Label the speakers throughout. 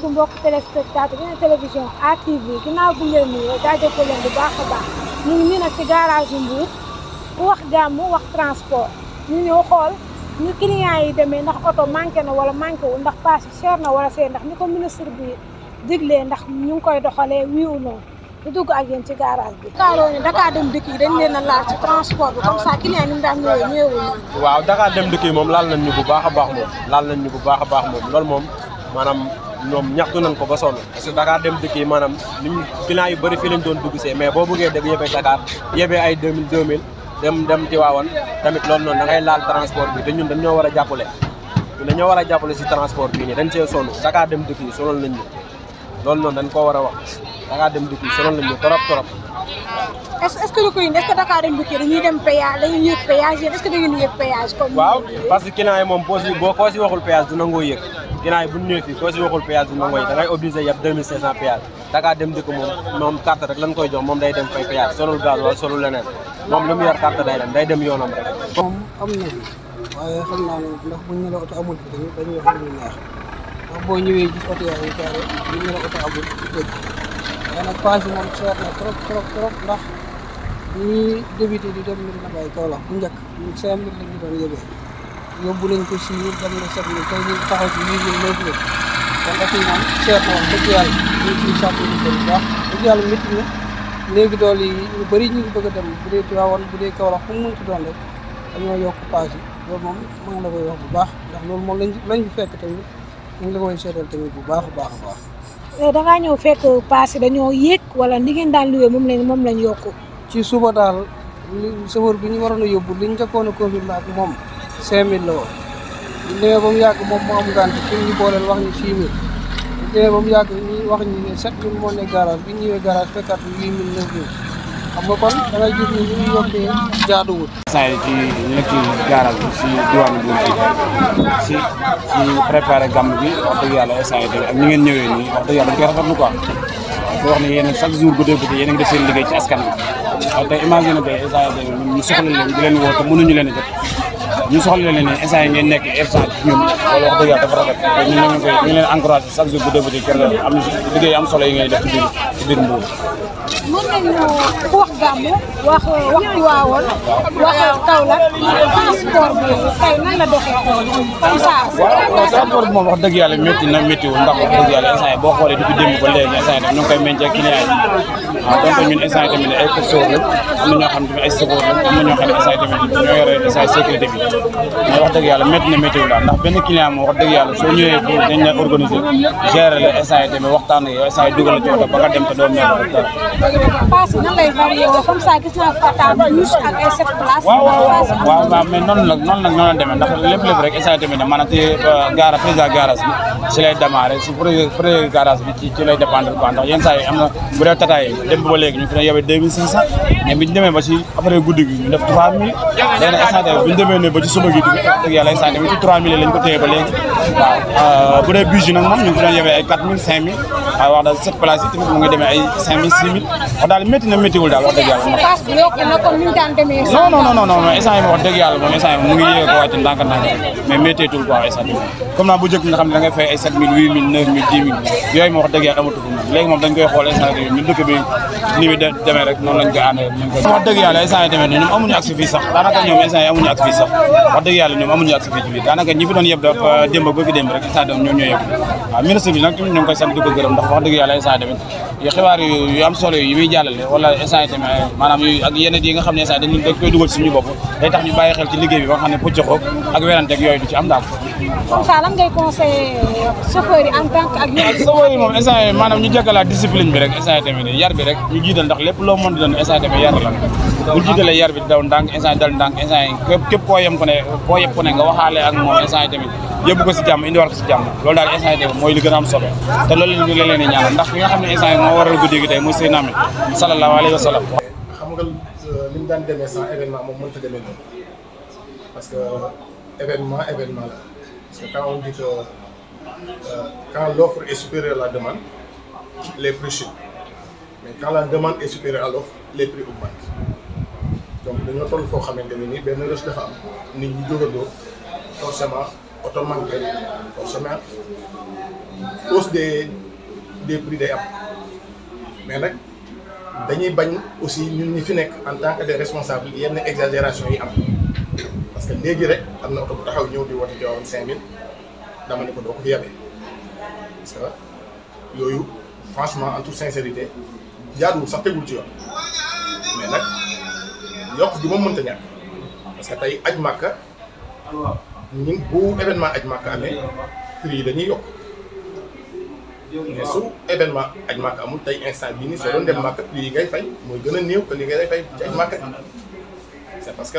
Speaker 1: asalaamaaleykum mbokk téléspectateur Ene télévision ATV ginnaaw bu ngeen nuyoo jaajëfal leen bu baax a baax ñu ngi nii nag ci garage Mbour ku wax gàmmu wax transport ñu ñëw xool ñu client yi demee ndax oto manqué na wala manqué wu ndax paas yi na wala see ndax ni ko ministre bi diglee ndax ñu koy doxalee wiiw noonu di dugg ak yéen ci garage bi. Dakaroo dem dëkk yi dañ leen a laal ci transport bi comme ça client yi ñu daan ñëwee ñëwee
Speaker 2: waaw Dakar dem dëkk moom laal nañ ñu bu baax a baax moom laal nañ ñu bu baax a baax moom loolu moom ñoom ñaxtu nañ ko ba sonn parce que Dakar dem dëkk yi maanaam liñ client yu bëri fii lañ doon dugg see mais boo bëggee dëgg yebee Dakar yebee ay 2000 2000 dem dem Tiwaawan tamit loolu noonu da ngay laal transport bi te ñun dañ ñoo war a jàppale ñun dañoo war a jàppale si transport bi nii dañ see sonn Dakar dem dëkk yi sonal nañ ñu loolu dañ koo a wax Dakar dem dëkk yi sonal nañ ñu trop trop
Speaker 1: que lu koy que Dakar dem dëkk yi dañuy dem péage dañuy yëg péage yéen est que da ngeen yëg péage waaw
Speaker 2: parce boo si boo koo si waxul péage du nangoo ginnaaw yi bu ñu ñëwee fii soo si waxul péage bi moom mooy da ngay obligé yab 2500 péage Dakar dem dëkk moom moom carte rek lañ koy jox moom day dem fay péage solul leneen moom lu mu yor carte day dem day rek. moom
Speaker 3: am na bi waaye xam la oto amul fi tamit dañuy wax lu neex ndax boo ñëwee gis oto yaa ngi carré buñ ne la oto amul ci dëkk waaye nag paas yi moom seer na trop trop trop ndax ñi débuté di dem Medina Baye Kaolack bu la ñu doon yóbbu nañ ko si ñun dem na set ñu tey ñu taxaw si huit mille neuf mille kon daf ñu naan ko léegi dool yi ñu bëri ñu ngi bëgg dem bu dee Tivaouane bu dee Kaolack fu mu mënti doon rek dañoo yokk paas yi loolu moom maa ngi baax ndax moom lañ lañ fekk tamit ñu ngi la koy tamit bu baax baax a
Speaker 1: baax eh, ñëw fekk paas yi dañoo yéeg wala ni ngeen daan luwee
Speaker 3: moom lañ moom lañ yokku ci suba daal li bi ñu waroon a yóbbu li njëkkoon a confirmé ak moom cinq mille la woon bu demee ba mu yàgg moom mu am gànt fi ñu booleel wax ñu six mille bu ba mu yàgg ñu wax ñu ne sept mille moo ne garage bi ñëwee garage fekkaat huit mille neuf mille xam ñu ngi yokkee jaaduwul. saa yi ci nekk
Speaker 2: garage bi si diwaanu bi si si préparé gàmm bi wax dëgg yàlla saa yi ak ni ngeen ñëwee nii wax dëgg yàlla dañ koy rafetlu quoi. di wax ne yéen def seen liggéey ci askan bi waaye tey imagine tey saa yi ñu soxla leen di leen woo te mënuñu leen a jot. ñu soxla leen ne instant yi ngeen nekk instant ci ñun loolu wax dëgg yàlla dafa rafet te ñu leen koy chaque jour bu débuté kër la am liggéey am solo yi ngay def ci biir ci biir
Speaker 1: Mbour mën nañu ku wax gàmmu wax wax waawoon wax Kaolack transport bi tey nan la doxee comme ça waaw transport
Speaker 2: bi moom wax dëgg yàlla métti na méttiwul ndax wax dëgg yàlla instant yi boo xoolee depuis démb ba koy meññ waaw donc ñun instant yi tamit ay coureurs lañ am na ñoo xam ne ay chauffeurs lañ am na ñoo xam ne instant yi tamit ñoo yore instant sécurité bi
Speaker 3: mais wax dëgg
Speaker 2: yàlla métti na météo daal ndax benn client moom wax dëgg yàlla soo ñëwee fii dañ la organiser gérer la instant yi tamit waxtaan ak yow instant yi dugal la ci oto ba nga dem te doo mel rek dara.
Speaker 1: paas nan lay varié woo comme ça gis naa Fata bus ak ay sept places. waaw waaw
Speaker 2: waaw waaw mais noonu la noonu la noonu la demee ndax lépp lépp rek instant yi tamit maanaam ci euh, gaara président garage bi ci lay démarré si projet projet garage bi ci ci lay dépendre quoi ndax yenn saa yi am na bu dee tata yi dem ba léegi ñu fi doon yóbbee deux mille cinq cent mais bi ñu demee ba ci après guddi gi ñu def trois mille léegi nag instant bi ñu demee ne ba ci suba gi dëgg yàlla instant bi ci trois mille lañ ko téye ba léegi waaw euh, bu dee bus yi nag moom ñu ngi fi doon yóbbee ay quatre mille cinq mille waaw wax daal sept places yi tamit mu ngi demee ay cinq mille six mille wax daal métti na méttiwul daal wax dëgg yàlla
Speaker 1: non non non non instant yi wax
Speaker 2: dëgg yàlla moom instant yi mu ngi yéeg ko wàcc ndànk ndànk mais métteetul quoi instant bi comme naa bu njëkk nga xam ne da ngay fay ay sept mille huit mille neuf mille dix mille yooyu moom wax dëgg yàlla amatu ko léegi moom dañ koy xool instant bi ñu dëkk bi ni muy demee rek noonu lañ ko àndee wax dëgg yàlla instant yi demee nii ñoom amuñu accès fii sax daanaka ñoom instant yi amuñu accès fii sax wax dëgg yàlla ñoom amuñu accès fii ci biir daanaka ñi fi doon yeb daf euh, démb ba fi démb rek instant dem ñoo ñoo yeb waaw ministre bi nag ñu ngi koy sant di ko gërëm ndax wax dëgg yàlla instant yi tamit yu xibaar yu am solo yi muy jàllale wala instant yi tamit maanaam yu ak yeneen yi nga xam ne instant yi dañ koy dugal suñu bopp day tax ñu bàyyi xel ci liggéey bi ba nga xam ne puccaxoog ak werante ak yooyu du ci am daal comme
Speaker 1: ça lan ngay conseillé yi en tant ak. ak yi moom instant
Speaker 2: maanaam ñu jéggalaat discipline bi rek instant yii tamit yar bi rek ñu jiital ndax lépp loo mën di doon instant yii tamit yar la bu jiitalee yar bi daw ndànk instant yii dal ndànk instant yii képp képp koo yem ko ne koo yem ko nga waxaale ak moom instant yii tamit ko si jàmm indiwaat ko si jàmm loolu daal instant yii mooy li gën a am solo
Speaker 3: te loolu la ñu xam
Speaker 2: ne instant yii moo waral guddi gi li euh,
Speaker 4: mu daan demee sans événement moom mënut a demee Parce quand on dit que euh, quand l'offre est supérieure à la demande, les prix chutent. Mais nah, quand la demande est supérieure à l'offre, les prix augmentent. Donc, nous avons fait xamanteni ni ben rush dafa am nit ñi jogando forcément auto
Speaker 3: forcément hausse
Speaker 4: des des prix day am mais nous avons bañ aussi ñun ñi fi en tant que responsables, il y a une exagération. que léegi rek am na oto bu taxaw ñëw di woote Tivaouane 5000 dama ne ko doo ko fi yabee parce que yooyu franchement en toute sincérité jaaduwul sax tegul ci yoon mais nag yokk gi moom mënta ñàkk parce que tey aj màkka ñun bu événement aj màkka dañuy yokk mais su événement aj màkka amul tey instant bii nii soo doon dem màkka prix yi ngay fay mooy gën a néew que li ngay fay ci aj màkka c'est parce que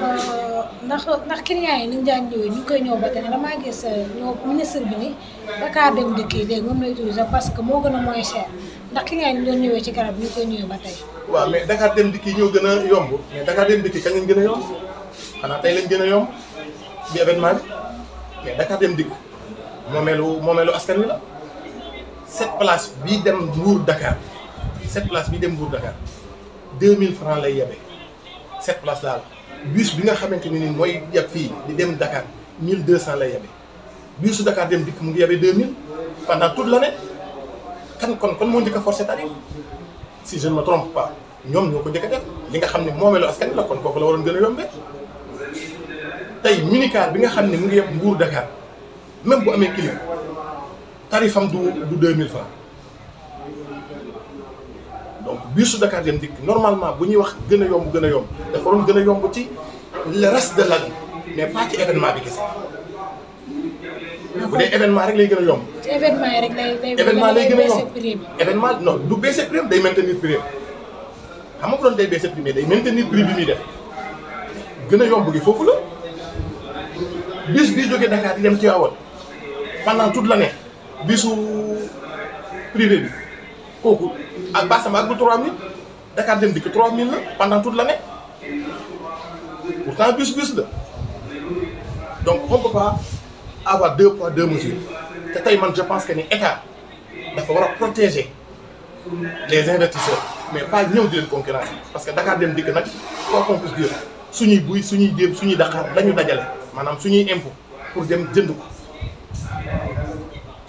Speaker 1: Euh, ndax ndax client yi ni ñu daan ñu koy ñëw ba tey damaa gis euh, ñoo ministre bi ni Dakar dem dëkk yi léegi moom lay utiliser parce que moo gën a moins cher ndax client yi ñu doon ñëwee ci garab ñu koy ñëwee ba
Speaker 4: waaw mais Dakar dem dëkk yi ñoo gën a yomb mais Dakar dem dëkk yi kañ lañ gën a yomb xanaa gën a yomb bi dem dëkk moomeelu moomeelu la cette place bii dem Mbour Dakar cette place bii dem Mbour Dakar 2000 francs lay yebe cette place daal. bus bi nga xamanteni ni moy yab fi di dem Dakar 1200 la yebé busu Dakar dem dik mu ngi yebé 2000 pendant toute l'année kan kon kon mo ndika a forcé tarif si je ne me trompe pas ñom ñoko ko njëkk def li nga xamni momelo askan la kon kooku la waron gëna yombé tay minicar bi nga xamni mu ngi yeb nguur Dakar même bu amé client tarifam du du 2000 francs donc biisu Dakar Dem Dikk normalement bu ñuy wax gën a yomb gën a yomb dafa waroon gën a yomb ci le reste de l'année
Speaker 3: mais pas ci événement bi kese
Speaker 4: bu dee événement rek lay gën a yomb.
Speaker 1: ci lay gën a yomb
Speaker 4: événement non du baisser prix day maintenir prix xam nga bu doon day baisser prix day maintenir bi muy def gën a yomb gi foofu la bis bii jógee Dakar di dem Tivaouane pendant toute l'année bisu privé bi. kooku ak ak bu 3000 Dakar dem que 3000 pendant toute l'année pourtant bus bus la donc on peut pas avoir deux poids deux mesures te tey man je pense que ni état protéger les investisseurs mais pas ñëw de concurrence parce que Dakar dem dikk nag quoi qu'on puisse dire suñuy buy suñuy déeb suñuy Dakar la ñu dajale maanaam suñuy impôt pour dem jënd ko.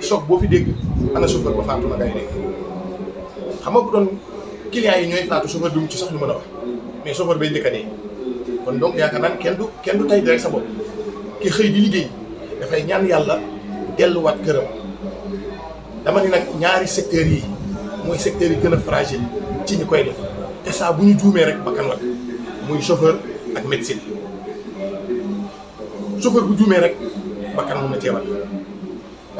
Speaker 4: choc boo fi dégg ana chauffeur ba faatu na ngay dégg xam nga bu doon clients yi ñooy faatu chauffeur bi mu ci sax ñu mën a wax mais chauffeur bay njëkk a kon donc yaakaar naan kenn du kenn du tay direct sa bopp xëy di liggéey dafay ñaan yàlla delluwaat këram dama ni nag ñaari secteurs yi mooy secteurs yi gën a fragile ci ñi koy def te saa bu ñu juumee rek bakkan wat muy chauffeur ak médecine chauffeur bu juumee rek bakkan mun na ceebal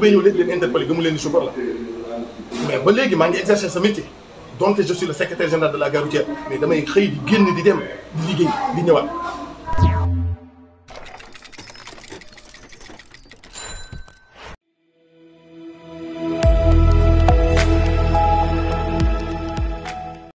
Speaker 4: mais métier Donc je suis le secrétaire général de la gare mais je suis di génn di dem